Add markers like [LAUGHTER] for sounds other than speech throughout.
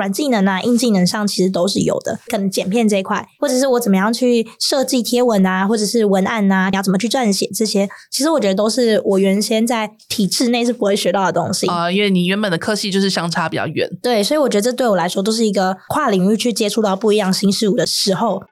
軟技能啊，硬技能上其實都是有的。可能剪片這一塊，或者是我怎麼樣去設計貼文啊，或者是文案啊，你要怎麼去撰寫這些，其實我覺得都是我原先在體制內是不會學到的東西啊，呃，因為你原本的科系就是相差比較遠，對，所以我覺得這對我來說都是一個跨領域去接觸到不一樣新事物的時候。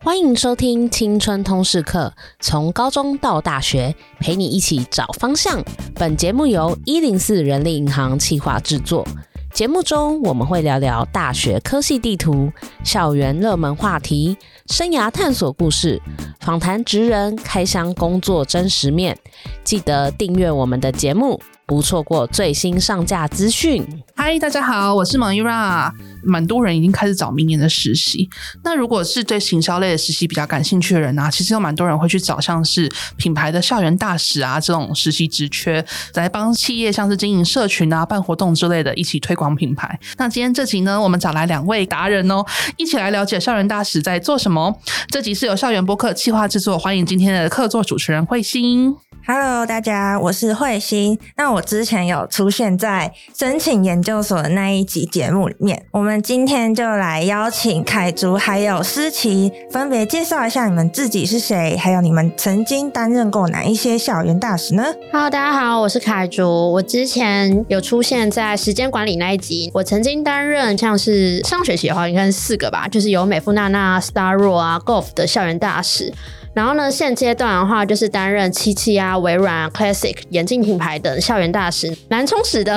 歡迎收聽青春通識課，從高中到大學，陪你一起找方向。本節目由一零四人力銀行企劃製作。節目中我們會聊聊大學科系地圖、校園熱門話題、生涯探索故事、訪談職人、開箱工作真實面。記得訂閱我們的節目。不錯過最新上架資訊。嗨，大家好，我是蒙伊拉。蠻多人已經開始找明年的實習。那如果是對行銷類的實習比較感興趣的人啊，其實有蠻多人會去找像是品牌的校園大使啊這種實習職缺，來幫企業像是經營社群啊、辦活動之類的，一起推廣品牌。那今天這集呢，我們找來兩位達人哦，一起來了解校園大使在做什麼。這集是由校園播客計劃製作，歡迎今天的客座主持人蕙馨。Hello，大家，我是蕙馨。那我之前有出現在申請研究所的那一集節目裡面。我們今天就來邀請凱築還有詩淇，分別介紹一下你們自己是誰，還有你們曾經擔任過哪一些校園大使呢？Hello，大家好，我是凱築。我之前有出現在時間管理那一集。我曾經擔任像是上學期的話，應該是四個吧，就是有美富娜娜、Starro 啊、Golf 的校園大使。然後呢，現階段的話，就是擔任七七啊、微軟、啊、Classic 眼鏡品牌的校園大使，蠻充實的。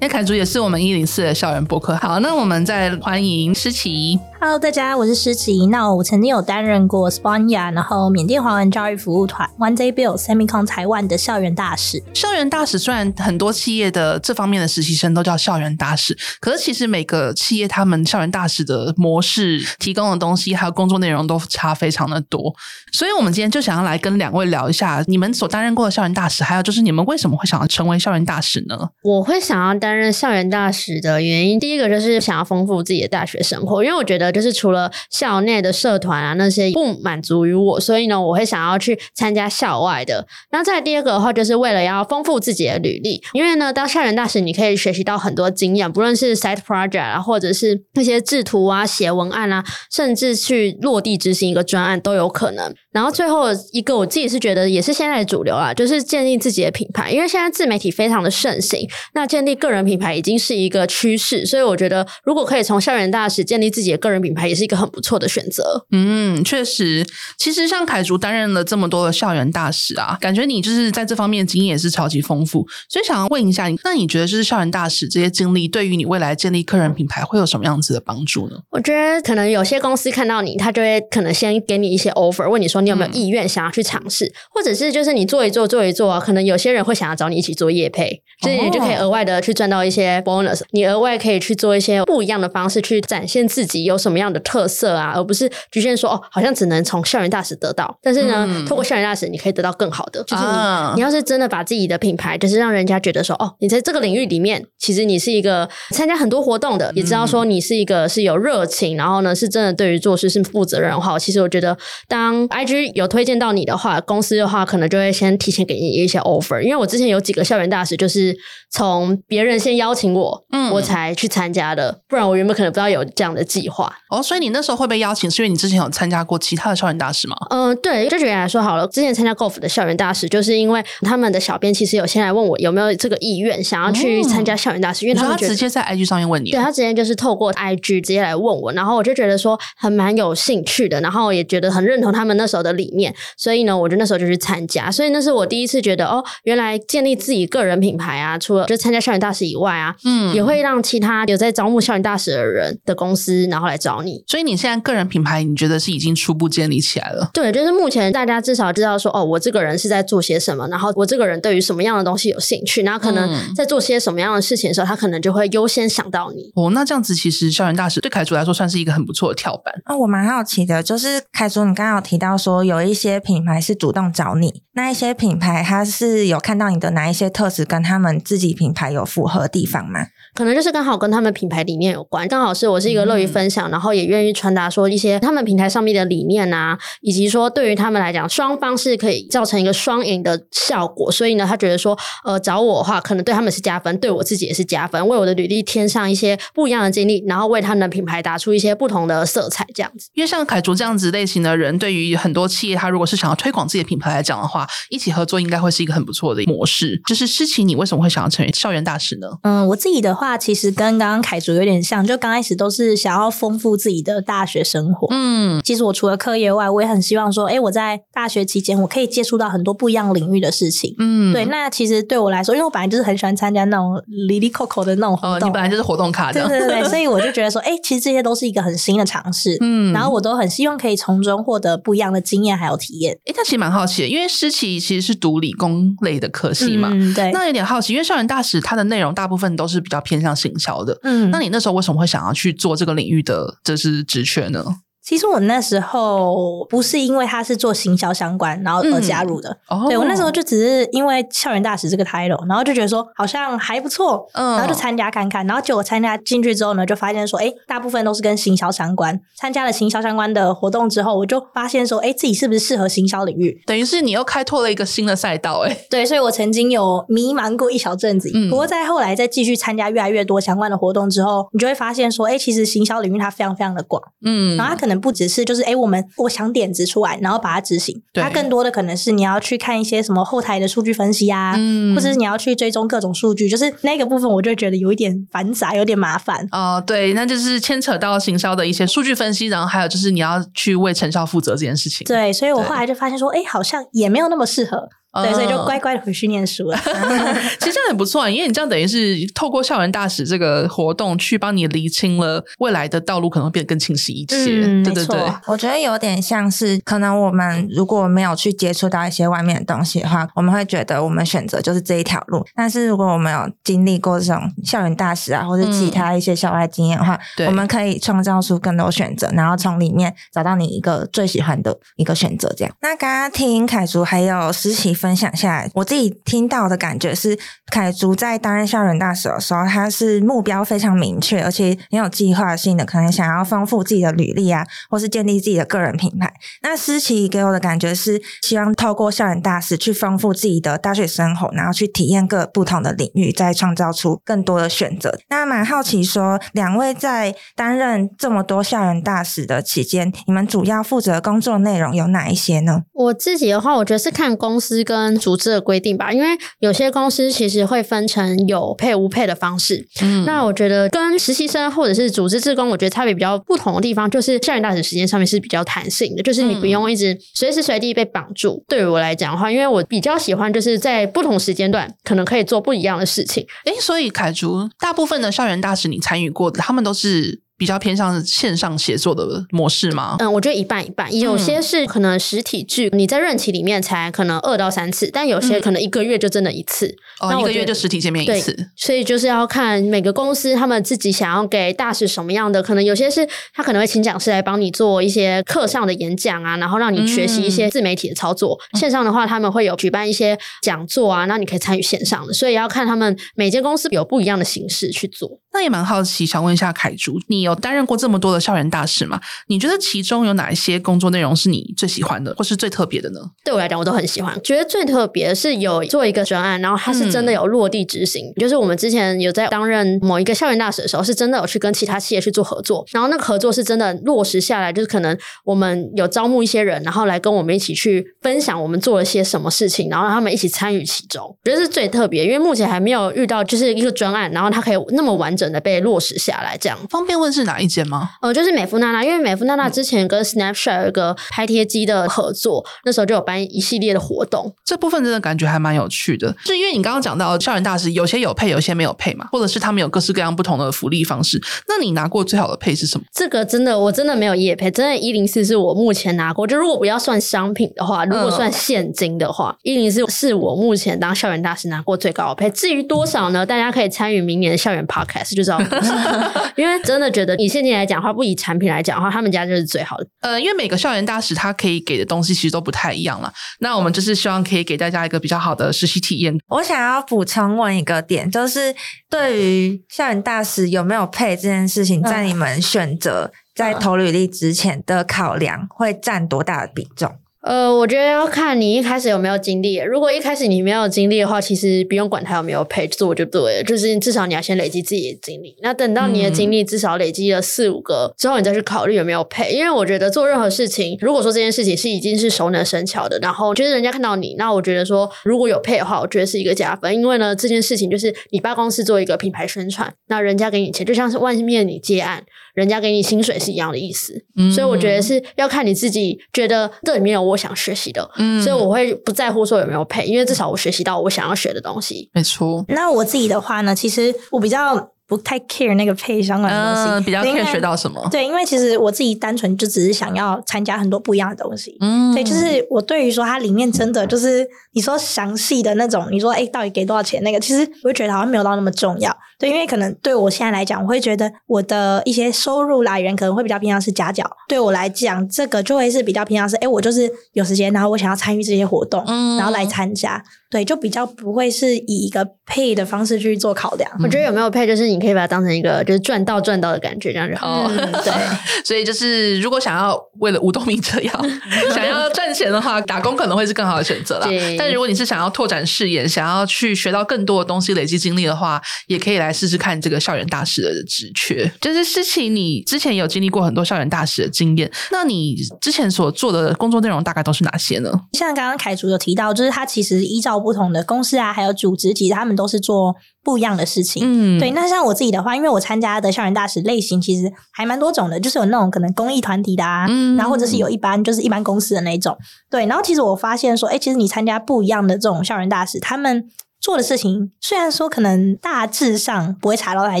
那凱築也是我們一零四的校園播客。好，那我們再歡迎詩淇。Hello，大家，我是詩淇。那我曾經有擔任過 Sponya，然後緬甸華文教育服務團 One Day Bill Semicon 台灣的校園大使。校園大使雖然很多企業的這方面的實習生都叫校園大使，可是其實每個企業他們校園大使的模式，提供的東西還有工作內容都差非常的多。所以我們今天就想要來跟兩位聊一下你們所擔任過的校園大使，還有就是你們為什麼會想要成為校園大使呢？我會想要擔任校園大使的原因，第一個就是想要豐富自己的大學生活，因為我覺得。就是除了校內的社團啊那些不滿足於我，所以呢，我會想要去參加校外的。然後再第二個的話，就是為了要豐富自己的履歷，因為呢，當校園大使你可以學習到很多經驗，不論是 side project 啊，或者是那些制圖啊、寫文案啊，甚至去落地執行一個專案都有可能。然後最後一個，我自己是覺得也是現在的主流啊，就是建立自己的品牌，因為現在自媒體非常的盛行，那建立個人品牌已經是一個趨勢，所以我覺得如果可以從校園大使建立自己的個人品牌。品牌也是一個很不錯的選擇。嗯，確實，其實像凱築擔任了這麼多的校園大使啊，感覺你就是在這方面的經驗也是超級豐富。所以想要問一下你，那你覺得就是校園大使這些經歷對於你未來建立個人品牌會有什麼樣子的幫助呢？我覺得可能有些公司看到你，他就會可能先給你一些 offer，問你說你有沒有意願、嗯、想要去嘗試，或者是就是你做一做做一做、啊，可能有些人會想要找你一起做業配，所以就是你就可以額外的去賺到一些 bonus，Oh. 你額外可以去做一些不一樣的方式去展現自己有什麼。什麼樣的特色啊，而不是局限說哦，好像只能從校園大使得到。但是呢，嗯、透過校園大使，你可以得到更好的。就是你、啊，你要是真的把自己的品牌，就是讓人家覺得說哦，你在這個領域裡面，其實你是一個參加很多活動的，也知道說你是一個是有熱情、嗯，然後呢，是真的對於做事是負責任的話，其實我覺得，當 IG 有推薦到你的話，公司的話可能就會先提前給你一些 offer。因為我之前有幾個校園大使，就是從別人先邀請我，嗯，我才去參加的、嗯，不然我原本可能不知道有這樣的計劃。哦，所以你那時候會被邀請，是因為你之前有參加過其他的校園大使嗎？嗯，對，就舉例來說好了。之前參加 Golf 的校園大使，就是因為他們的小編其實有先來問我有沒有這個意願，想要去參加校園大使，嗯、因為他，他直接在 IG 上面問你啊？對，他直接就是透過 IG 直接來問我，然後我就覺得說還蠻有興趣的，然後也覺得很認同他們那時候的理念，所以呢，我就那時候就去參加。所以那是我第一次覺得，哦，原來建立自己個人品牌啊，除了就參加校園大使以外啊，嗯，也會讓其他有在招募校園大使的人的公司，然後來參加。找你，所以你現在個人品牌你覺得是已經初步建立起來了？對，就是目前大家至少知道說，哦，我這個人是在做些什麼，然後我這個人對於什麼樣的東西有興趣，然後可能在做些什麼樣的事情的時候，嗯、他可能就會優先想到你。哦，那這樣子其實校園大使對凱築來說算是一個很不錯的跳板。那、哦、我蠻好奇的，就是凱築，你剛剛有提到說有一些品牌是主動找你，那一些品牌他是有看到你的哪一些特質跟他們自己品牌有符合的地方嗎？可能就是剛好跟他們品牌理念有關，剛好是我是一個樂於分享、嗯，然後也願意傳達說一些他們平台上面的理念啊，以及說對於他們來講，雙方是可以造成一個雙贏的效果。所以呢，他覺得說，呃，找我的話，可能對他們是加分，對我自己也是加分，為我的履歷添上一些不一樣的經歷，然後為他們的品牌打出一些不同的色彩，這樣子。因為像凱築這樣子類型的人，對於很多企業，他如果是想要推廣自己的品牌來講的話，一起合作應該會是一個很不錯的模式。就是詩淇，你為什麼會想要成為校園大使呢？嗯，我自己的話。話其實跟剛剛凱築有點像，就剛開始都是想要豐富自己的大學生活。嗯，其實我除了課業外，我也很希望說，哎，我在大學期間我可以接觸到很多不一樣領域的事情。嗯，對。那其實對我來說，因為我本來就是很喜歡參加那種哩哩扣扣的那種活動，哦，你本來就是活動卡這樣對，對對對。所以我就覺得說，哎，其實這些都是一個很新的嘗試。嗯，然後我都很希望可以從中獲得不一樣的經驗還有體驗。哎，他其實蠻好奇的，因為詩淇其實是讀理工類的科系嘛，嗯，對。那有點好奇，因為校園大使它的內容大部分都是比較偏。偏向行銷的，嗯，那你那時候為什麼會想要去做這個領域的就是職缺呢？其實我那時候不是因為他是做行銷相關，然後而加入的。嗯哦、對我那時候就只是因為校園大使這個 title，然後就覺得說好像還不錯，然後就參加看看、嗯。然後結果參加進去之後呢，就發現說，哎、欸，大部分都是跟行銷相關。參加了行銷相關的活動之後，我就發現說，哎、欸，自己是不是適合行銷領域？等於是你又開拓了一個新的賽道、欸，哎。對，所以我曾經有迷茫過一小陣子。嗯。不過在後來再繼續參加越來越多相關的活動之後，你就會發現說，哎、欸，其實行銷領域它非常非常的廣。嗯。然後它可能。不只是就是哎、欸，我們我想點子出來，然後把它執行。對，它更多的可能是你要去看一些什麼後台的數據分析啊，嗯、或者是你要去追蹤各種數據，就是那個部分我就覺得有一點繁雜，有點麻煩。哦、呃，對，那就是牽扯到行銷的一些數據分析，然後還有就是你要去為成效負責這件事情。對，所以我後來就發現說，哎、欸，好像也沒有那麼適合。對，所以就乖乖的回去念書了。嗯、 [LAUGHS] 其實這樣很不錯，啊，因為你這樣等於是透過校園大使這個活動，去幫你理清了未來的道路，可能會變得更清晰一些。嗯、對對對，我覺得有點像是，可能我們如果沒有去接觸到一些外面的東西的話，我們會覺得我們選擇就是這一條路。但是如果我們有經歷過這種校園大使啊，或者其他一些校外經驗的話，嗯，對，我們可以創造出更多選擇，然後從裡面找到你一個最喜歡的一個選擇。這樣。那剛剛聽凱築還有詩淇，分享下來，我自己聽到的感覺是，凱築在擔任校園大使的時候，他是目標非常明確，而且很有計劃性的，可能想要豐富自己的履歷啊，或是建立自己的個人品牌。那詩淇給我的感覺是，希望透過校園大使去豐富自己的大學生活，然後去體驗各不同的領域，再創造出更多的選擇。那蠻好奇說，兩位在擔任這麼多校園大使的期間，你們主要負責工作內容有哪一些呢？我自己的話，我覺得是看公司，跟組織的規定吧，因為有些公司其實會分成有 Pay 無 Pay 的方式。嗯、那我覺得跟實習生或者是組織志工，我覺得差別比較不同的地方，就是校園大使時間上面是比較彈性的，就是你不用一直隨時隨地被綁住。嗯、對於我來講的話，因為我比較喜歡就是在不同時間段可能可以做不一樣的事情。誒、欸，所以凱築大部分的校園大使你參與過的，他們都是。比較偏向線上協作的模式嗎？嗯，我覺得一半一半，有些是可能實體劇、嗯，你在任期裡面才可能二到三次，但有些可能一個月就真的一次，嗯、那哦，一個月就實體見面一次。所以就是要看每個公司他們自己想要給大使什麼樣的，可能有些是他可能會請講師來幫你做一些課上的演講啊，然後讓你學習一些自媒體的操作。嗯、線上的話，他們會有舉辦一些講座啊，那你可以參與線上的。所以要看他們每間公司有不一樣的形式去做。那也蠻好奇，想問一下凱築，你有。我擔任過這麼多的校園大使嘛，你覺得其中有哪一些工作內容是你最喜歡的，或是最特別的呢？對我來講，我都很喜歡。覺得最特別的是有做一個專案，然後它是真的有落地執行。嗯。就是我們之前有在擔任某一個校園大使的時候，是真的有去跟其他企業去做合作，然後那個合作是真的落實下來，就是可能我們有招募一些人，然後來跟我們一起去分享我們做了些什麼事情，然後讓他們一起參與其中。我覺得是最特別，因為目前還沒有遇到就是一個專案，然後它可以那麼完整的被落實下來。這樣方便問是。是哪一間嗎？呃，就是美膚娜娜，因為美膚娜娜之前跟 Snapchat 有一個拍貼機的合作，嗯，那時候就有辦一系列的活動。這部分真的感覺還蠻有趣的，就是因為你剛剛講到校園大使，有些有配，有些沒有配嘛，或者是他們有各式各樣不同的福利方式。那你拿過最好的配是什麼？這個真的，我真的沒有業配，真的一零四是我目前拿過。就如果不要算商品的話，如果算現金的話，一零四是我目前當校園大使拿過最高的配。至於多少呢？大家可以參與明年的校園 Podcast 就知道。 [LAUGHS] [LAUGHS] 因為真的覺以現金來講的話，不以產品來講的話，他們家就是最好的。呃，因為每個校園大使他可以給的東西其實都不太一樣了。那我們就是希望可以給大家一個比較好的實習體驗。我想要補充問一個點，就是對於校園大使有沒有 Pay 這件事情，在你們選擇在投履歷之前的考量會佔多大的比重？呃，我覺得要看你一開始有沒有經歷。如果一開始你沒有經歷的話，其實不用管他有沒有 Pay，做就對了，就是我覺就是至少你要先累積自己的經歷。那等到你的經歷至少累積了四五個之後，你再去考慮有沒有 Pay。因為我覺得做任何事情，如果說這件事情是已經是熟能生巧的，然後我覺得人家看到你，那我覺得說如果有 Pay 的話，我覺得是一個加分。因為呢，這件事情就是你幫公司做一個品牌宣傳，那人家給你錢，就像是外面你接案，人家給你薪水是一樣的意思。所以我覺得是要看你自己覺得這裡面。我想學習的，嗯，所以我會不在乎說有沒有 pay，因為至少我學習到我想要學的東西。沒錯。那我自己的話呢，其實我比較不太 care 那個 pay 相關的東西，呃、比較 care 學到什麼。對，因為其實我自己單純就只是想要參加很多不一樣的東西。嗯，所以就是我對於說它裡面真的就是。你說詳細的那種，你說誒到底給多少錢？那個其實我會覺得好像沒有到那麼重要，對，因為可能對我現在來講，我會覺得我的一些收入來源可能會比較偏向是家教，對我來講，這個就會是比較偏向是誒，我就是有時間，然後我想要參與這些活動、嗯，然後來參加，對，就比較不會是以一個 pay 的方式去做考量。我覺得有沒有 pay，就是你可以把它當成一個就是賺到賺到的感覺，這樣就好、嗯哦。對， [LAUGHS] 所以就是如果想要為了五斗米這樣 [LAUGHS] 想要賺錢的話，打工可能會是更好的選擇啦對但如果你是想要拓展視野，想要去學到更多的東西，累積經歷的話，也可以來試試看這個校園大使的職缺。就是詩淇你之前有經歷過很多校園大使的經驗，那你之前所做的工作內容大概都是哪些呢？像剛剛凱築有提到，就是他其實依照不同的公司啊，還有組織，其實他們都是做。不一樣的事情，嗯，對。那像我自己的話，因為我參加的校園大使類型其實還蠻多種的，就是有那種可能公益團體的啊，嗯，然後或者是有一般就是一般公司的那種，對。然後其實我發現說，哎，欸，其實你參加不一樣的這種校園大使，他們做的事情雖然說可能大致上不會差到太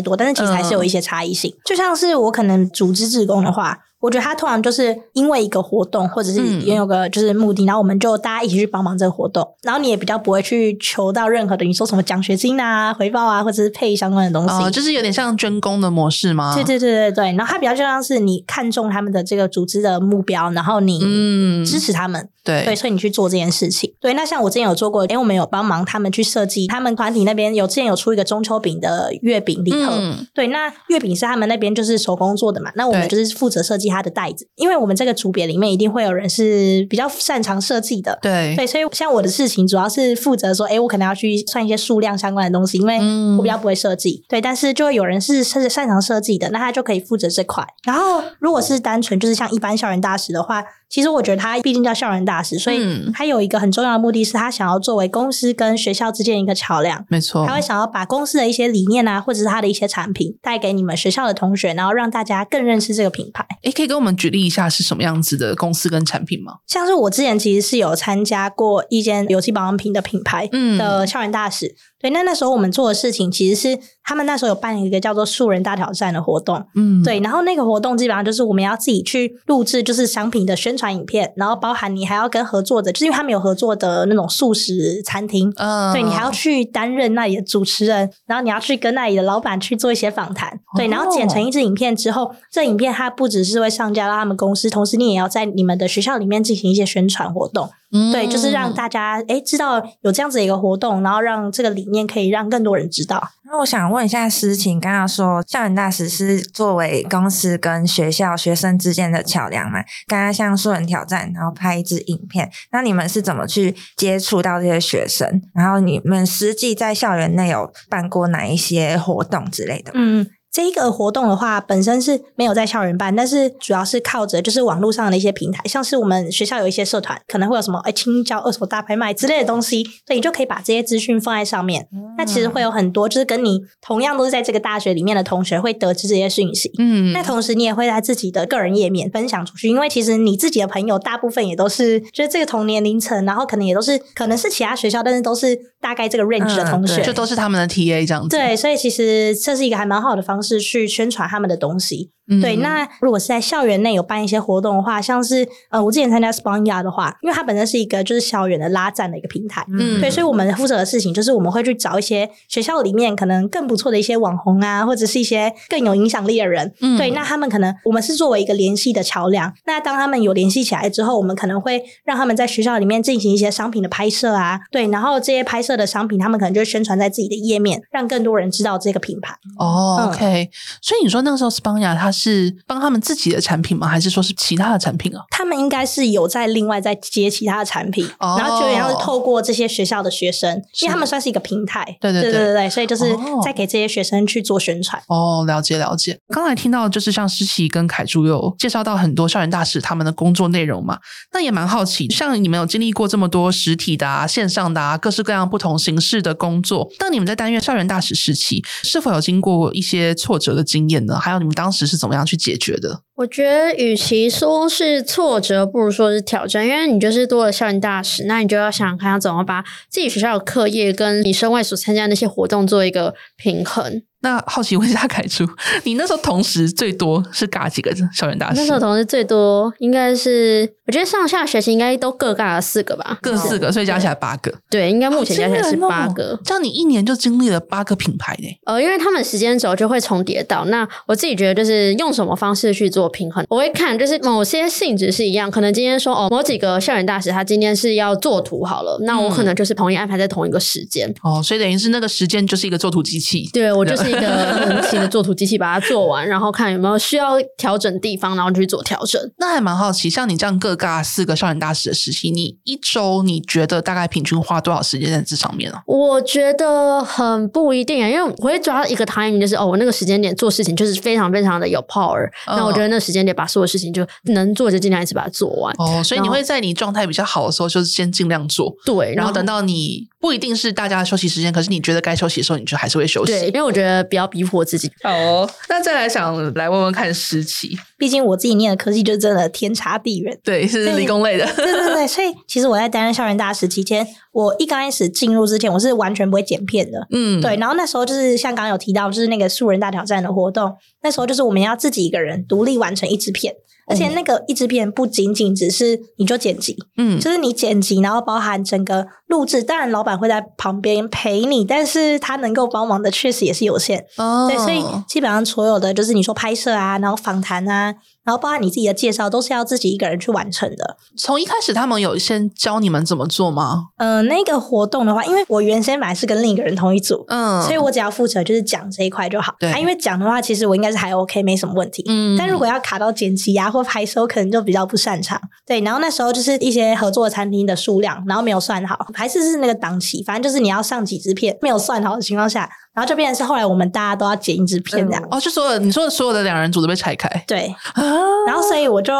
多，但是其實還是有一些差異性，嗯。就像是我可能組織志工的話。我覺得他通常就是因為一個活動，或者是也有個就是目的、嗯，然後我們就大家一起去幫忙這個活動，然後你也比較不會去求到任何的你說什麼獎學金啊、回報啊，或者是配相關的東西、呃，就是有點像捐工的模式嗎？對對對對對，然後他比較就像是你看中他們的這個組織的目標，然後你支持他們。嗯。對，所以你去做這件事情。對，那像我之前有做過，哎、欸，我們有幫忙他們去設計，他們團體那邊有之前有出一個中秋餅的月餅禮盒，嗯。對，那月餅是他們那邊就是手工做的嘛，那我們就是負責設計它的袋子，因為我們這個組別裡面一定會有人是比較擅長設計的。對，對，所以像我的事情主要是負責說，哎、欸，我可能要去算一些數量相關的東西，因為我比較不會設計。對，但是就會有人是擅長設計的，那他就可以負責這塊。然後，如果是單純就是像一般校園大使的話。其實我覺得他畢竟叫校園大使，所以他有一個很重要的目的是他想要作為公司跟學校之間一個橋梁，沒錯。他會想要把公司的一些理念啊，或者是他的一些產品帶給你們學校的同學，然後讓大家更認識這個品牌。哎、欸，可以跟我們舉例一下是什麼樣子的公司跟產品嗎？像是我之前其實是有參加過一間有機保養品的品牌的校園大使、嗯，對。那那時候我們做的事情其實是他們那時候有辦一個叫做“素人大挑戰”的活動，嗯，對。然後那個活動基本上就是我們要自己去錄製，就是商品的宣傳。傳影片，然後包含你還要跟合作的，就是因為他們有合作的那種素食餐廳，啊，對，你還要去擔任那裡的主持人，然後你要去跟那裡的老闆去做一些訪談，對，oh. 然後剪成一支影片之後，這影片它不只是會上交到他們公司，同時你也要在你們的學校裡面進行一些宣傳活動。 [NOISE] 對，就是讓大家誒、欸、知道有這樣子的一個活動，然後讓這個理念可以讓更多人知道。那我想問一下詩淇，剛剛說校園大使是作為公司跟學校學生之間的橋樑嘛？剛剛像素人挑戰，然後拍一支影片，那你們是怎麼去接觸到這些學生？然後你們實際在校園內有辦過哪一些活動之類的嗎？嗯。這個活動的話，本身是沒有在校園辦，但是主要是靠着就是網絡上的一些平台，像是我們學校有一些社團，可能會有什麼哎清交二手大拍賣之類的東西，所以你就可以把這些資訊放在上面。嗯、那其實會有很多就是跟你同樣都是在這個大學裡面的同學會得知這些訊息。嗯，那同時你也會在自己的個人頁面分享出去，因為其實你自己的朋友大部分也都是就是這個同年齡層，然後可能也都是可能是其他學校，但是都是大概這個 range 的同學，嗯，就都是他們的 TA 這樣子。對，所以其實這是一個還蠻好的方法。是去宣傳他們的東西。嗯，對。那如果是在校園內有辦一些活動的話，像是呃，我之前參加 Sponia 的話，因為它本身是一個就是校園的拉贊的一個平台，嗯。對，所以我們負責的事情就是我們會去找一些學校裡面可能更不錯的一些網紅啊，或者是一些更有影響力的人。嗯，對。那他們可能我們是作為一個聯繫的橋梁。那當他們有聯繫起來之後，我們可能會讓他們在學校裡面進行一些商品的拍攝啊，對。然後這些拍攝的商品，他們可能就宣傳在自己的頁面，讓更多人知道這個品牌。哦，嗯。OK。所以你說那個時候斯邦雅他是幫他們自己的產品嗎？還是說是其他的產品啊？他們應該是有在另外在接其他的產品，哦、然後就也要透過這些學校的學生的，因為他們算是一個平台，對對對，對對對，所以就是在給這些學生去做宣傳。哦，了解了解。剛才聽到就是像詩淇跟凱築又有介紹到很多校園大使他們的工作內容嘛，那也蠻好奇，像你們有經歷過這麼多實體的、啊、線上的啊、各式各樣不同形式的工作，當你們在擔任校園大使時期，是否有經過一些挫折的經驗呢？還有你們當時是怎麼樣去解決的？我覺得與其說是挫折，不如說是挑戰，因為你就是多了校園大使，那你就要想想看他怎麼把自己學校的課業跟你身外所參加的那些活動做一個平衡。那好奇問一下凱築，你那時候同時最多是尬幾個校園大使？那時候同時最多應該是，我覺得上下學期應該都各尬了四個吧，各四個，所以加起來八個。對，應該目前加起來是八個。哦，這樣你一年就經歷了八個品牌呢。呃，因為他們時間軸就會重疊到，那我自己覺得就是用什麼方式去做。平衡我會看，就是某些性質是一樣。可能今天說哦，某幾個校園大使他今天是要做圖好了，那我可能就是統一安排在同一個時間、嗯、哦，所以等於是那個時間就是一個做圖機器。對我就是一個無情的做圖機器，把它做完， [LAUGHS] 然後看有沒有需要調整地方，然後去做調整。那還蠻好奇，像你這樣各尬四個校園大使的時期，你一周你覺得大概平均花多少時間在這上面啊？我覺得很不一定啊，因為我會抓一個 timing，就是哦，我那個時間點做事情就是非常非常的有 power、嗯。那我覺得。那時間得把所有事情就能做就盡量一次把它做完哦。所以你會在你狀態比較好的時候，就是先盡量做，對，然後等到你。不一定是大家休息時間，可是你覺得該休息的時候，你就還是會休息。對，因為我覺得不要逼迫自己。好哦，那再來想來問問看期，詩淇，畢竟我自己念的科系就是真的天差地遠。對，是理工類的。對對對，所以其實我在擔任校園大使期間，我一剛開始進入之前，我是完全不會剪片的。嗯，對。然後那時候就是像剛剛有提到，就是那個素人大挑戰的活動，那時候就是我們要自己一個人獨立完成一支片，而且那個一支片不僅僅只是你就剪輯，嗯，就是你剪輯，然後包含整個。錄製當然，老闆會在旁邊陪你，但是他能夠幫忙的確實也是有限。哦、oh.，對，所以基本上所有的就是你說拍攝啊，然後訪談啊，然後包括你自己的介紹，都是要自己一個人去完成的。從一開始，他們有先教你們怎麼做嗎？嗯、呃，那個活動的話，因為我原先本來是跟另一個人同一組，嗯、oh.，所以我只要負責就是講這一塊就好。對，啊、因為講的話，其實我應該是還 OK，沒什麼問題。嗯，但如果要卡到剪輯啊或拍攝，可能就比較不擅長。對，然後那時候就是一些合作餐廳的數量，然後沒有算好。還是是那個檔期，反正就是你要上幾支片，沒有算好的情況下，然後就變成是後來我們大家都要剪一支片這樣哦，就所有你說的所有的兩人組都被拆開對，然後所以我就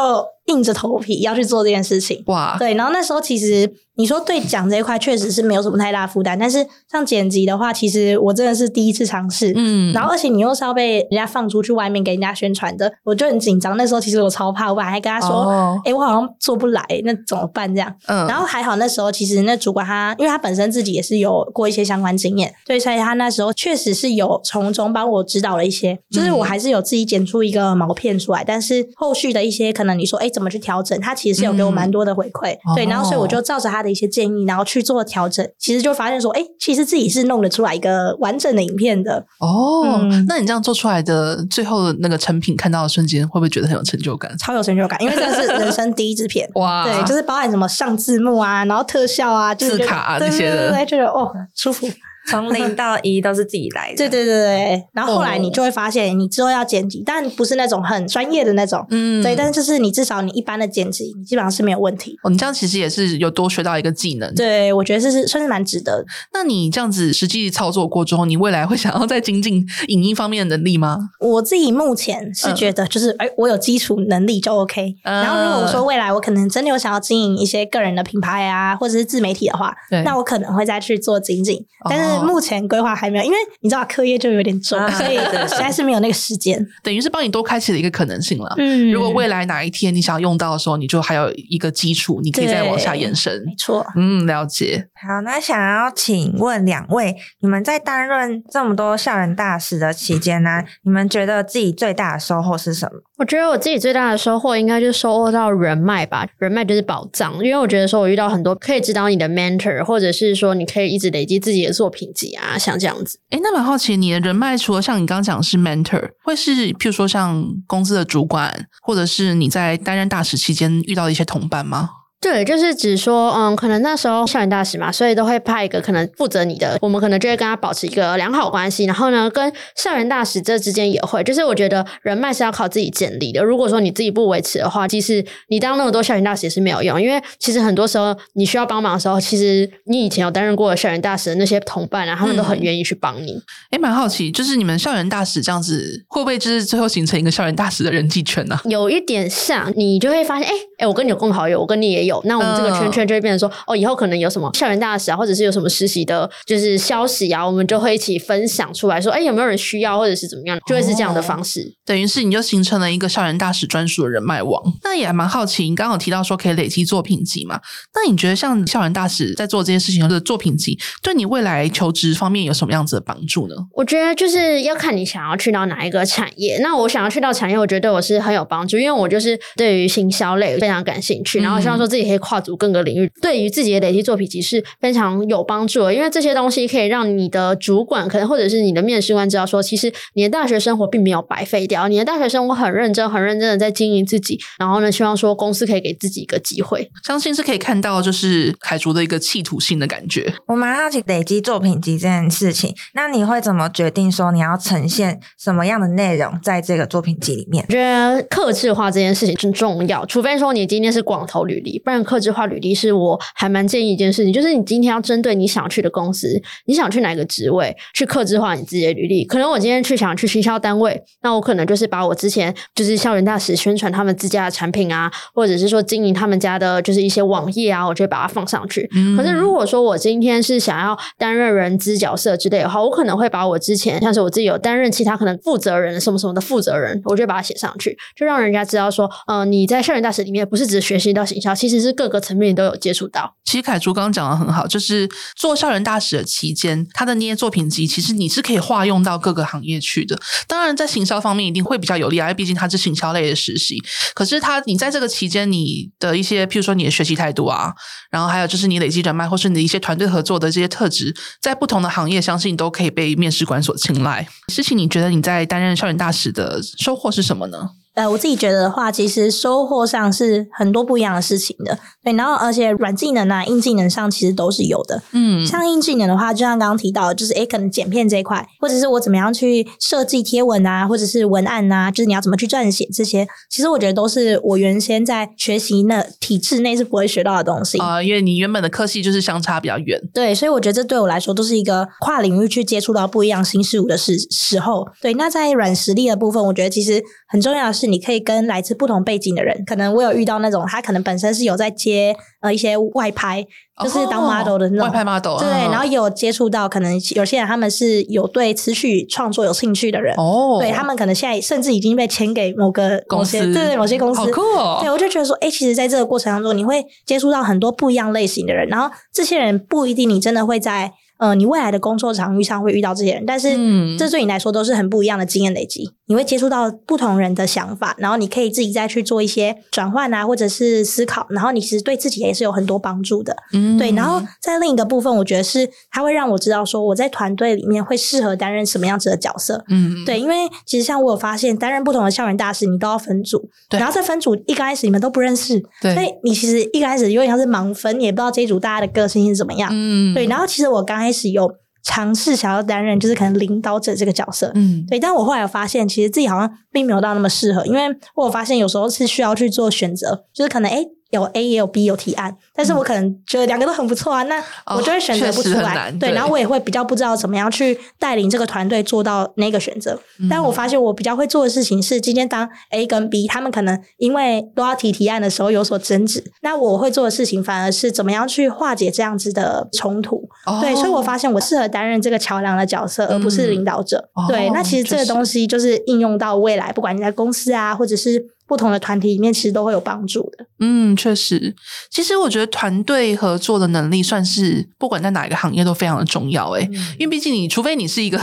硬着頭皮要去做這件事情哇，對，然後那時候其實你說對講這一塊確實是沒有什麼太大負擔，但是像剪輯的話，其實我真的是第一次嘗試，嗯，然後而且你又是要被人家放出去外面給人家宣傳的，我就很緊張。那時候其實我超怕，我本來還跟他說，哎，我好像做不來，欸，那怎麼辦這樣？嗯，然後還好那時候其實那主管他，因為他本身自己也是有過一些相關經驗，對，所以他那時候。確實是有從中幫我指導了一些，就是我還是有自己剪出一個毛片出來，嗯、但是後續的一些可能你說哎、欸、怎麼去調整，他其實是有給我蠻多的回饋，嗯，對，然後所以我就照着他的一些建議，然後去做調整，其實就發現說哎、欸，其實自己是弄得出來一個完整的影片的。哦，嗯、那你這樣做出來的最後的那個成品，看到的瞬間會不會覺得很有成就感？超有成就感，因為這是人生第一支片哇， [LAUGHS] 對，就是包含什麼上字幕啊，然後特效啊，字卡啊這些，就覺得，對對對，就覺得，哦，舒服。從零到一都是自己來的， [LAUGHS] 對對對對。然後後來你就會發現，你之後要剪輯，但不是那種很專業的那種，嗯，對。但是就是你至少你一般的剪輯，你基本上是沒有問題。哦、你這樣其實也是有多學到一個技能。對，我覺得這是算是蠻值得的。那你這樣子實際操作過之後，你未來會想要再精進影音方面的能力嗎？我自己目前是覺得，就是哎、呃欸，我有基礎能力就 OK、呃。然後如果說未來我可能真的有想要經營一些個人的品牌啊，或者是自媒體的話，對那我可能會再去做精進，但是、哦。是目前規劃還沒有，因為你知道課業就有點重，啊、所以實在是沒有那個時間。 [LAUGHS] 等於是幫你多開啟了一個可能性了。嗯，如果未來哪一天你想要用到的時候，你就還有一個基礎，你可以再往下延伸。沒錯，嗯，了解。好，那想要請問兩位，你們在擔任這麼多校園大使的期間呢， [LAUGHS] 你們覺得自己最大的收穫是什麼？我覺得我自己最大的收穫應該就是收穫到人脈吧，人脈就是寶藏。因為我覺得說，我遇到很多可以指導你的 mentor，或者是說，你可以一直累積自己的作品集啊，像這樣子。哎、欸，那蠻好奇，你的人脈除了像你剛剛講的是 mentor，會是譬如說像公司的主管，或者是你在擔任大使期間遇到的一些同伴嗎？對，就是指說，嗯，可能那時候校園大使嘛，所以都會派一個可能負責你的，我們可能就會跟他保持一個良好關係。然後呢，跟校園大使這之間也會，就是我覺得人脈是要靠自己建立的。如果說你自己不維持的話，其實你當那麼多校園大使也是沒有用，因為其實很多時候你需要幫忙的時候，其實你以前有擔任過校園大使的那些同伴啊，他們都很願意去幫你。哎、嗯，蠻好奇，就是你們校園大使這樣子，會不會就是最後形成一個校園大使的人際圈呢、啊？有一點像，你就會發現，哎哎，我跟你有共同好友，我跟你也有。那我們這個圈圈就會變成說、嗯，哦，以後可能有什麼校園大使啊，或者是有什麼實習的，就是消息啊，我們就會一起分享出來，說，哎，有沒有人需要，或者是怎麼樣，就會是這樣的方式。哦、等於是你就形成了一個校園大使專屬的人脈網。那也還蠻好奇，你剛剛有提到說可以累積作品集嘛？那你覺得像校園大使在做這件事情，或者作品集，對你未來求職方面有什麼樣子的幫助呢？我覺得就是要看你想要去到哪一個產業。那我想要去到產業，我覺得對我是很有幫助，因為我就是對於行銷類非常感興趣，嗯、然後希望說自己。可以跨足各個領域，對於自己的累積作品集是非常有幫助的，因為這些東西可以讓你的主管可能或者是你的面試官知道說，其實你的大學生活並沒有白費掉，你的大學生活很認真，很認真的在經營自己。然後呢，希望說公司可以給自己一個機會，相信是可以看到的就是凱築的一個企圖性的感覺。我蠻好奇累積作品集這件事情，那你會怎麼決定說你要呈現什麼樣的內容在這個作品集裡面？我覺得客製化這件事情真重要，除非說你今天是廣投履歷。不然，客製化履歷是我還蠻建議一件事情，就是你今天要針對你想去的公司，你想去哪個職位，去客製化你自己的履歷。可能我今天去想去行銷單位，那我可能就是把我之前就是校園大使宣傳他們自家的產品啊，或者是說經營他們家的，就是一些網頁啊，我就把它放上去。可是如果說我今天是想要擔任人資角色之類的話，我可能會把我之前像是我自己有擔任其他可能負責人什麼什麼的負責人，我就把它寫上去，就讓人家知道說，嗯，你在校園大使裡面不是只學習到行銷，其實。其實各個層面都有接觸到。其實凱築剛剛講的很好，就是做校園大使的期間，他的那些作品集，其實你是可以化用到各個行業去的。當然，在行銷方面一定會比較有利啊，因為畢竟他是行銷類的實習。可是他，你在這個期間，你的一些，譬如說你的學習態度啊，然後還有就是你累積人脈或是你的一些團隊合作的這些特質，在不同的行業，相信都可以被面試官所青睞。詩淇，你覺得你在擔任校園大使的收穫是什麼呢？呃，我自己覺得的話，其實收穫上是很多不一樣的事情的。對，然後而且軟技能啊、硬技能上其實都是有的。嗯，像硬技能的話，就像剛剛提到的，就是誒，可能剪片這一塊，或者是我怎麼樣去設計貼文啊，或者是文案啊，就是你要怎麼去撰寫這些，其實我覺得都是我原先在學習那體制內是不會學到的東西啊，呃，因為你原本的科系就是相差比較遠。對，所以我覺得這對我來說都是一個跨領域去接觸到不一樣新事物的時時候。對，那在軟實力的部分，我覺得其實很重要的是是你可以跟來自不同背景的人，可能我有遇到那種他可能本身是有在接呃一些外拍，就是當 model 的那種、oh, 外拍 model，對，然後也有接觸到可能有些人他們是有對持續創作有興趣的人哦，oh. 對他們可能現在甚至已經被簽給某個公司，對，某些公司，好酷哦、對，我就覺得說，哎、欸，其實在這個過程當中，你會接觸到很多不一樣類型的人，然後這些人不一定你真的會在。呃，你未來的工作場域上會遇到這些人，但是這對你來說都是很不一樣的經驗累積。嗯。你會接觸到不同人的想法，然後你可以自己再去做一些轉換啊，或者是思考，然後你其實對自己也是有很多幫助的。嗯，對。然後在另一個部分，我覺得是它會讓我知道說我在團隊裡面會適合擔任什麼樣子的角色。嗯，對，因為其實像我有發現，擔任不同的校園大使，你都要分組，對啊。然後在分組一開始你們都不認識，對。所以你其實一開始因為他是盲分，也不知道這一組大家的個性是怎麼樣。嗯，對。然後其實我剛。開始有嘗試想要擔任，就是可能領導者這個角色，嗯，對。但我後來有發現，其實自己好像並沒有到那麼適合，因為我有發現有時候是需要去做選擇，就是可能誒、欸有 A 也有 B 也有提案，但是我可能覺得兩個都很不錯啊，那我就會選擇不出來、哦對。對，然後我也會比較不知道怎麼樣去帶領這個團隊做到那個選擇。嗯、但我發現我比較會做的事情是，今天當 A 跟 B 他們可能因為都要提提案的時候有所爭執，那我會做的事情反而是怎麼樣去化解這樣子的衝突。哦、對，所以我發現我適合擔任這個橋樑的角色，而不是領導者。嗯、對、哦，那其實這個東西就是應用到未來，不管你在公司啊，或者是。不同的團體裡面，其實都會有幫助的。嗯，確實，其實我覺得團隊合作的能力，算是不管在哪一個行業都非常的重要、欸。誒、嗯，因為畢竟你除非你是一個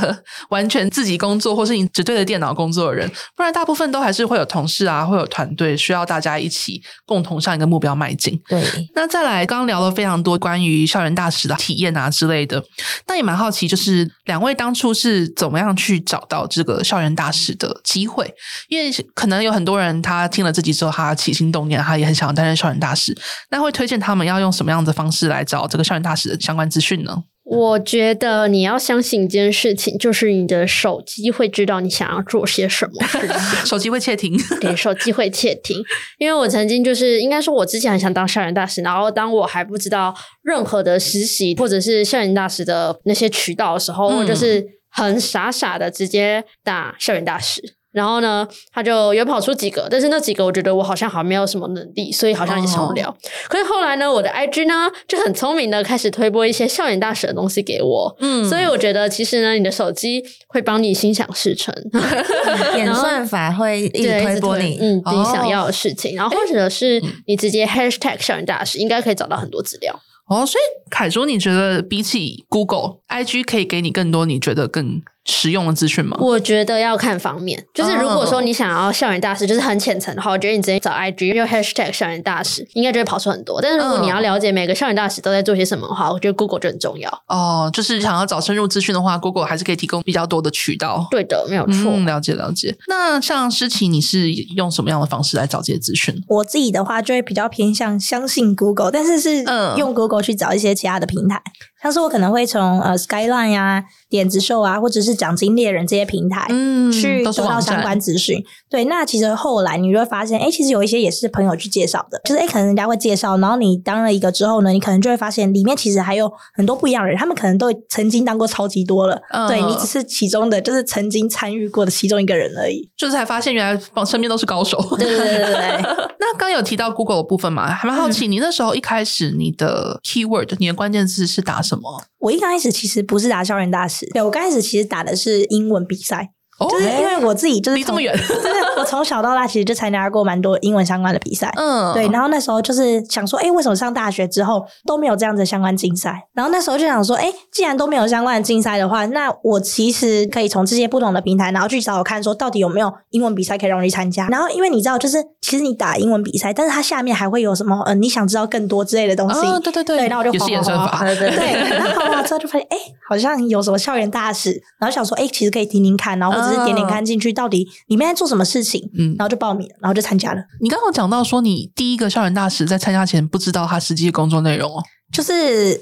完全自己工作，或是你只對着電腦工作的人，不然大部分都還是會有同事啊，會有團隊需要大家一起共同向一個目標邁進。對。那再來，剛剛聊了非常多關於校園大使的體驗啊之類的，但也蠻好奇，就是兩位當初是怎麼樣去找到這個校園大使的機會？因為可能有很多人，他聽了這集之後，他起心動念，他也很想擔任校園大使。那會推薦他們要用什麼樣的方式來找這個校園大使的相關資訊呢？我覺得你要相信一件事情，就是你的手機會知道你想要做些什麼。 [LAUGHS] 手機會竊聽，對，手機會竊聽。 [LAUGHS] 因為我曾經就是應該說，我之前很想當校園大使，然後當我還不知道任何的實習或者是校園大使的那些渠道的時候、嗯，我就是很傻傻的直接打校園大使。然後呢，他就有跑出幾個，但是那幾個我覺得我好像還好像沒有什麼能力，所以好像也上不了、哦。可是後來呢，我的 IG 呢就很聰明的開始推播一些校園大使的東西給我，嗯，所以我覺得其實呢，你的手機會幫你心想事成，你、嗯、 [LAUGHS] 後演算法會一直推播你，一直推、嗯哦、你想要的事情，然後或者是你直接 #hashtag 校園大使、嗯、應該可以找到很多資料。哦，所以凱築，你覺得比起 Google，IG 可以給你更多？你覺得更？實用的資訊嗎？我覺得要看方面，就是如果說你想要校園大使，就是很淺層的話，我覺得你直接找 IG，用 hashtag 校園大使，應該就會跑出很多。但是如果你要了解每個校園大使都在做些什麼的話，我覺得 Google 就很重要。哦，就是想要找深入資訊的話，Google 還是可以提供比較多的渠道。對的，沒有錯。嗯，了解了解。那像詩淇，你是用什麼樣的方式來找這些資訊？我自己的話，就會比較偏向相信 Google，但是是用 Google 去找一些其他的平台。他說我可能會從呃 Skyline 呀、啊、點子秀啊，或者是獎金獵人這些平台嗯，去得到相關資訊。對，那其實後來你就會發現，哎、欸，其實有一些也是朋友去介紹的，就是哎、欸，可能人家會介紹，然後你當了一個之後呢，你可能就會發現裡面其實還有很多不一樣的人，他們可能都曾經當過超級多了，嗯、對，你只是其中的，就是曾經參與過的其中一個人而已。就是才發現原來我身邊都是高手。對對對，對 [LAUGHS] [LAUGHS] 那剛有提到 Google 的部分嘛，還蠻好奇、嗯，你那時候一開始你的 Keyword，你的關鍵字是打。什麼？我一開始其實不是打校園大使，對，我剛開始其實打的是英文比賽。哦、就是因為我自己就是離這麼遠， [LAUGHS] 就是我從小到大其實就參加過蠻多英文相關的比賽。嗯，對。然後那時候就是想說，哎、欸，為什麼上大學之後都沒有這樣子的相關競賽？然後那時候就想說，哎、欸，既然都沒有相關的競賽的話，那我其實可以從這些不同的平台，然後去找找看說到底有沒有英文比賽可以讓我去參加。然後因為你知道，就是其實你打英文比賽，但是它下面還會有什麼？嗯、呃，你想知道更多之類的東西。哦、對對對。對，然後我就滑滑滑。演算法。對，對，對，對， [LAUGHS] 對，然後滑滑之後就發現，哎、欸，好像有什麼校園大使。然後想說，哎、欸，其實可以聽聽看，然後。只是點點看進去，到底裡面在做什麼事情，嗯，然後就報名，然後就參加了。你剛剛講到說，你第一個校園大使在參加前不知道他實際的工作內容哦？就是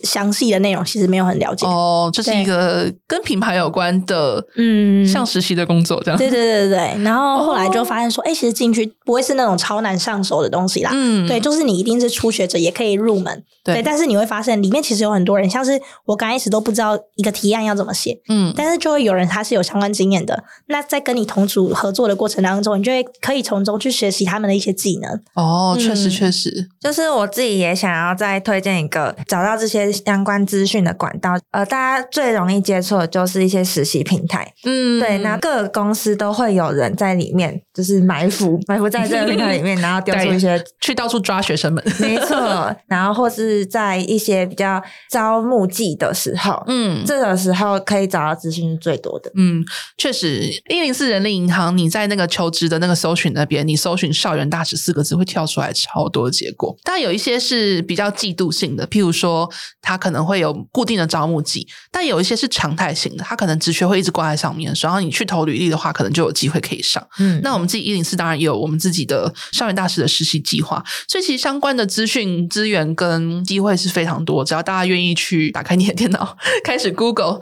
詳細的內容其實沒有很了解哦，這是一個跟品牌有關的，嗯，像實習的工作這樣。對對對對，然後後來就發現說，哎、哦哦欸，其實進去不會是那種超難上手的東西啦。嗯，對，就是你一定是初學者也可以入門。對，對但是你會發現裡面其實有很多人，像是我剛開始都不知道一個提案要怎麼寫，嗯，但是就會有人他是有相關經驗的。那在跟你同組合作的過程當中，你就會可以從中去學習他們的一些技能。哦，確實、嗯、確實，就是我自己也想要再推薦一個。找到這些相關資訊的管道，呃，大家最容易接觸的就是一些實習平台。嗯，對，那各個公司都會有人在裡面，就是埋伏，埋伏在這個裡面， [LAUGHS] 然後丟出一些去到處抓學生們。 [LAUGHS] 沒錯，然後或是在一些比較招募季的時候，嗯，這個時候可以找到資訊是最多的。嗯，確實，一零四人力銀行，你在那個求職的那個搜尋那邊，你搜尋“校園大使”四個字會跳出來超多的結果，但有一些是比較季度性的，譬如說他可能會有固定的招募季，但有一些是常態性的，他可能職缺會一直掛在上方面，然後你去投履歷的話，可能就有機會可以上。嗯，那我們自己一零四當然也有我們自己的校園大使的實習計劃，所以其實相關的資訊資源跟機會是非常多，只要大家願意去打開你的電腦，開始 Google，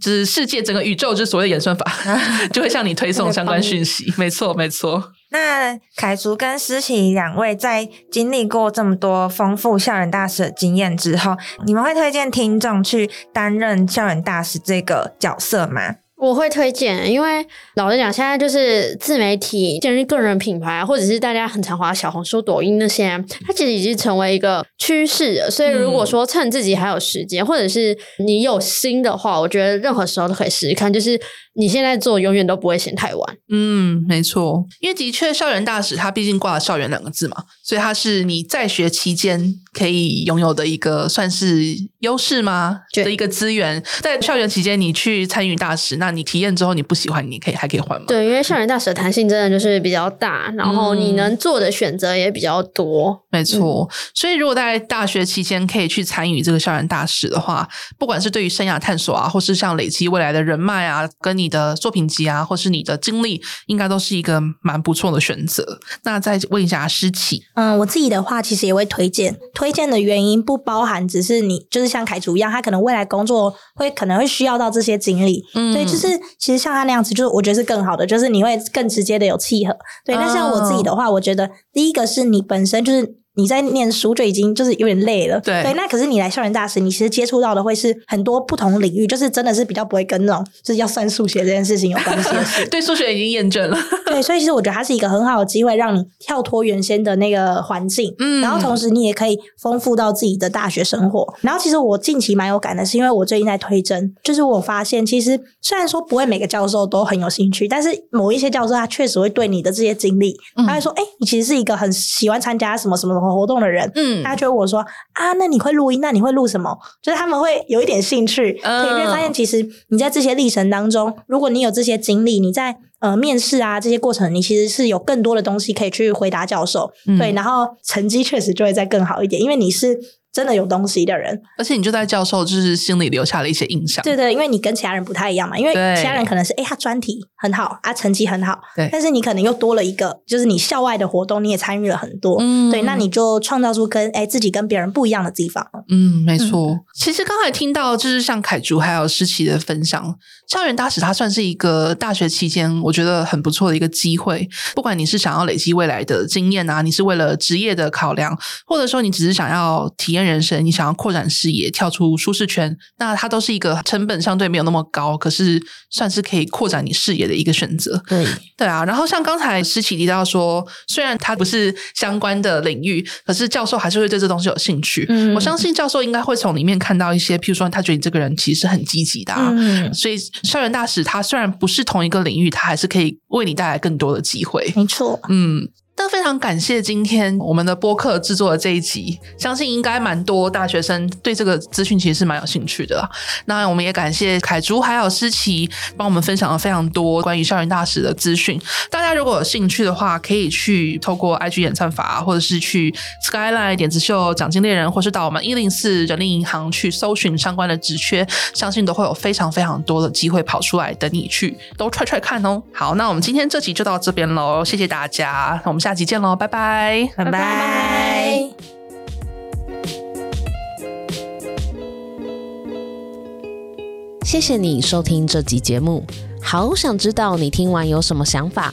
就是世界整個宇宙之所謂的演算法，啊、就會向你推送相關訊息。啊、沒錯，沒錯。那凱築跟詩淇兩位在經歷過這麼多豐富校園大使的經驗之後，你們會推薦聽眾去擔任校園大使這個角色嗎？我會推薦，因為老實講，現在就是自媒體建立個人品牌，或者是大家很常滑小紅書、抖音那些，它其實已經成為一個趨勢了。所以，如果說趁自己還有時間，嗯，或者是你有心的話，我覺得任何時候都可以試試看，看就是。你現在做永遠都不會嫌太晚。嗯，沒錯，因為的確校園大使他畢竟掛了“校園”兩個字嘛，所以他是你在學期間可以擁有的一個算是優勢嗎？的一個資源。在校園期間，你去參與大使，那你體驗之後你不喜歡，你可以還可以換嗎？對，因為校園大使的彈性真的就是比較大，嗯，然後你能做的選擇也比較多，嗯。沒錯，所以如果在大學期間可以去參與這個校園大使的話，不管是對於生涯探索啊，或是像累積未來的人脈啊，跟你。你的作品集啊，或是你的經歷，應該都是一個蠻不錯的選擇。那再問一下詩淇，嗯，我自己的話，其實也會推薦。推薦的原因不包含，只是你就是像凱築一樣，他可能未來工作會可能會需要到這些經歷，嗯，所以就是其實像他那樣子，就是我覺得是更好的，就是你會更直接的有契合。對，那、嗯、像我自己的話，我覺得第一個是你本身就是。你在念書就已經就是有點累了，對，對那可是你來校園大使，你其實接觸到的會是很多不同領域，就是真的是比較不會跟那種就是要算數學這件事情有關係。 [LAUGHS] 對數學已經厭倦了，對，所以其實我覺得它是一個很好的機會，讓你跳脫原先的那個環境，嗯，然後同時你也可以豐富到自己的大學生活。然後其實我近期蠻有感的，是因為我最近在推甄，就是我發現其實雖然說不會每個教授都很有興趣，但是某一些教授他確實會對你的這些經歷，他會說，哎、嗯欸，你其實是一個很喜歡參加什麼什麼什麼。活動的人，嗯，大家就問我說啊，那你會錄音？那你會錄什麼？就是他們會有一點興趣，因為發現其實你在這些歷程當中，如果你有這些經歷，你在呃面試啊這些過程，你其實是有更多的東西可以去回答教授，嗯、對，然後成績確實就會再更好一點，因為你是。真的有東西的人，而且你就在教授就是心裡留下了一些印象。對對，因為你跟其他人不太一樣嘛，因為其他人可能是哎他專題很好啊，成績很好，對，但是你可能又多了一個，就是你校外的活動你也參與了很多，嗯、對，那你就創造出跟哎自己跟別人不一樣的地方。嗯，沒錯、嗯。其實剛才聽到就是像凱築還有詩淇的分享，校園大使他算是一個大學期間我覺得很不錯的一個機會。不管你是想要累積未來的經驗啊，你是為了職業的考量，或者說你只是想要體驗人生，你想要擴展視野，跳出舒適圈，那它都是一個成本相對沒有那麼高，可是算是可以擴展你視野的一個選擇。對對啊，然後像剛才詩淇提到說，雖然它不是相關的領域，可是教授還是會對這東西有興趣。嗯。我相信教授應該會從裡面看到一些，譬如說他覺得你這個人其實是很積極的啊，嗯。所以校園大使他雖然不是同一個領域，他還是可以為你帶來更多的機會。沒錯，嗯。那非常感謝今天我們的播客製作的這一集，相信應該蠻多大學生對這個資訊其實是蠻有興趣的啦。那我們也感謝凱築還有詩淇幫我們分享了非常多關於校園大使的資訊。大家如果有興趣的話，可以去透過 IG 演算法，或者是去 Skyline 點子秀、獎金獵人，或是到我們一零四人力銀行去搜尋相關的職缺，相信都會有非常非常多的機會跑出來等你去都踹踹看哦、喔。好，那我們今天這集就到這邊嘍，謝謝大家，那我們下。下集見嘍，拜拜，拜拜。謝謝你收聽這集節目，好想知道你聽完有什麼想法。